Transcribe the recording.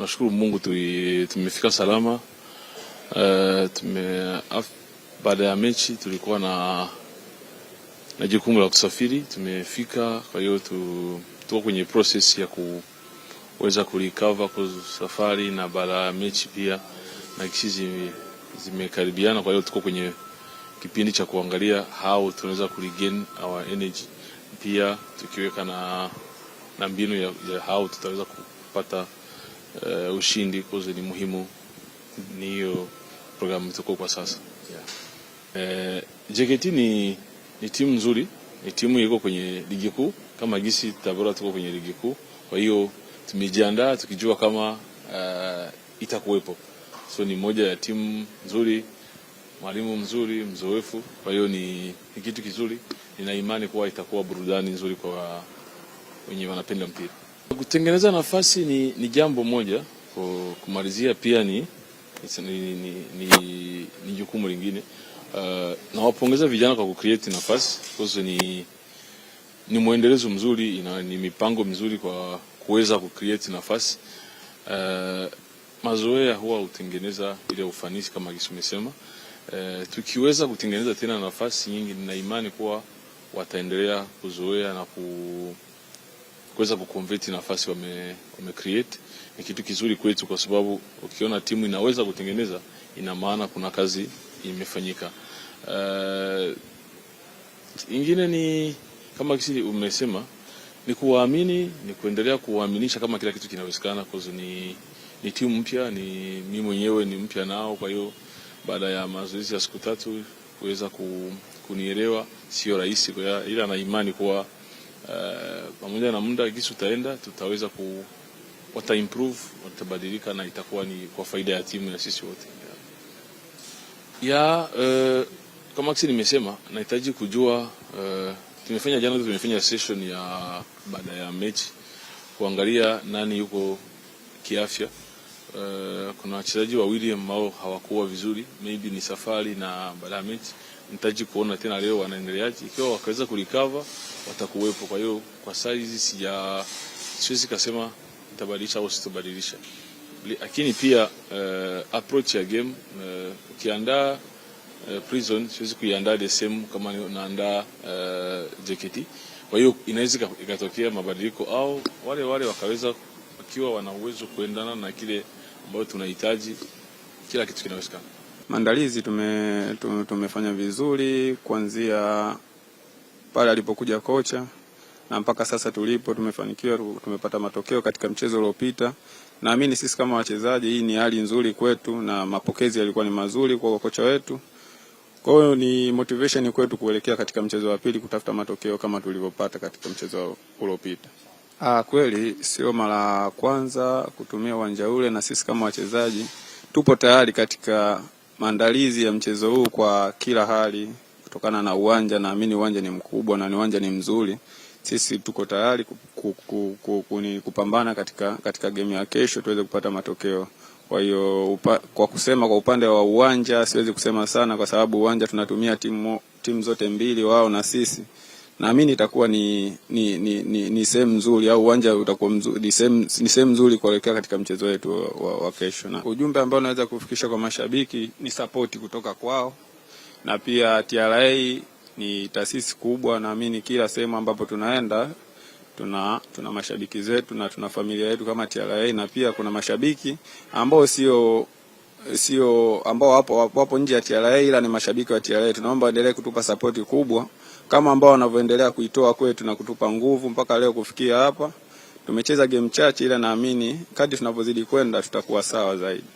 Tunashukuru Mungu tumefika salama. Uh, tume baada ya mechi tulikuwa na na jukumu la kusafiri, tumefika. Kwa hiyo tuko kwenye process ya kuweza kurecover kwa safari na baada ya mechi pia na kisi zimekaribiana, kwa hiyo tuko kwenye kipindi cha kuangalia how tunaweza kuregain our energy, pia tukiweka na, na mbinu ya, ya how tutaweza kupata uh, ushindi cause ni muhimu, ni hiyo programu tuko kwa sasa yeah. Uh, eh, JKT ni, ni timu nzuri, ni timu iko kwenye ligi kuu kama gisi Tabora tuko kwenye ligi kuu, kwa hiyo tumejiandaa tukijua kama uh, itakuwepo, so ni moja ya timu nzuri, mwalimu mzuri, mzoefu, kwa hiyo ni, ni kitu kizuri. Nina imani kuwa itakuwa burudani nzuri kwa wenye wanapenda mpira. Kutengeneza nafasi ni, ni jambo moja, kumalizia pia ni, ni, ni, ni, ni jukumu lingine. Uh, nawapongeza vijana kwa kucreate nafasi kwa ni, ni mwendelezo mzuri ina, ni mipango mizuri kwa kuweza kucreate nafasi uh, mazoea huwa hutengeneza ile ufanisi kama kisumesema. Uh, tukiweza kutengeneza tena nafasi nyingi, nina imani kuwa wataendelea kuzoea na ku kuweza kuconvert nafasi wame, wame create ni kitu kizuri kwetu, kwa sababu ukiona timu inaweza kutengeneza, ina maana kuna kazi imefanyika. Uh, ingine ni kama kisi umesema ni kuwaamini, ni kuendelea kuwaaminisha kama kila kitu kinawezekana, kwa ni, ni timu mpya, ni mimi mwenyewe ni mpya nao. Kwa hiyo baada ya mazoezi ya siku tatu kuweza ku, kunielewa sio rahisi, ila na imani kuwa Eh, pamoja uh, na muda gisi utaenda, tutaweza ku wata improve watabadilika, na itakuwa ni kwa faida ya timu ya sisi wote ya uh, eh, kama kisi nimesema, nahitaji kujua uh, tumefanya jana, tumefanya session ya baada ya mechi kuangalia nani yuko kiafya. Uh, kuna wachezaji wawili ambao hawakuwa vizuri, maybe ni safari na baada ya mechi nitaji kuona tena leo wanaendeleaje. Ikiwa wakaweza kulikava watakuwepo. Kwa hiyo kwa size sija, siwezi kasema nitabadilisha au sitobadilisha, lakini pia uh, approach ya game uh, ukiandaa uh, prison siwezi kuiandaa the same kama naandaa uh, JKT. Kwa hiyo inaweza ikatokea mabadiliko au wale wale wakaweza wakiwa wana uwezo kuendana na kile ambayo tunahitaji, kila kitu kinawezekana. Maandalizi tume, tume, tumefanya vizuri kuanzia pale alipokuja kocha na mpaka sasa tulipo, tumefanikiwa tumepata matokeo katika mchezo uliopita. Naamini sisi kama wachezaji, hii ni hali nzuri kwetu na mapokezi yalikuwa ni mazuri kwa kocha wetu. Kwa hiyo ni motivation kwetu kuelekea katika mchezo wa pili kutafuta matokeo kama tulivyopata katika mchezo uliopita. Ah, kweli sio mara kwanza kutumia uwanja ule, na sisi kama wachezaji tupo tayari katika maandalizi ya mchezo huu kwa kila hali, kutokana na uwanja, naamini uwanja ni mkubwa na ni uwanja ni mzuri. Sisi tuko tayari kupambana katika, katika game ya kesho tuweze kupata matokeo. Kwa hiyo kwa kusema kwa upande wa uwanja siwezi kusema sana, kwa sababu uwanja tunatumia timu, timu zote mbili, wao na sisi naamini itakuwa ni ni, ni, ni, ni sehemu nzuri au uwanja utakuwa mzuri, ni sehemu nzuri kuelekea katika mchezo wetu wa, wa, wa kesho, na ujumbe ambao unaweza kufikisha kwa mashabiki ni sapoti kutoka kwao, na pia TRA ni taasisi kubwa, naamini kila sehemu ambapo tunaenda tuna tuna mashabiki zetu na tuna familia yetu kama TRA, na pia kuna mashabiki ambao sio sio ambao wapo, wapo, nje ya TRA ila ni mashabiki wa TRA. Tunaomba endelee kutupa sapoti kubwa kama ambao wanavyoendelea kuitoa kwetu na kutupa nguvu mpaka leo kufikia hapa. Tumecheza game chache, ila naamini kadri tunavyozidi kwenda tutakuwa sawa zaidi.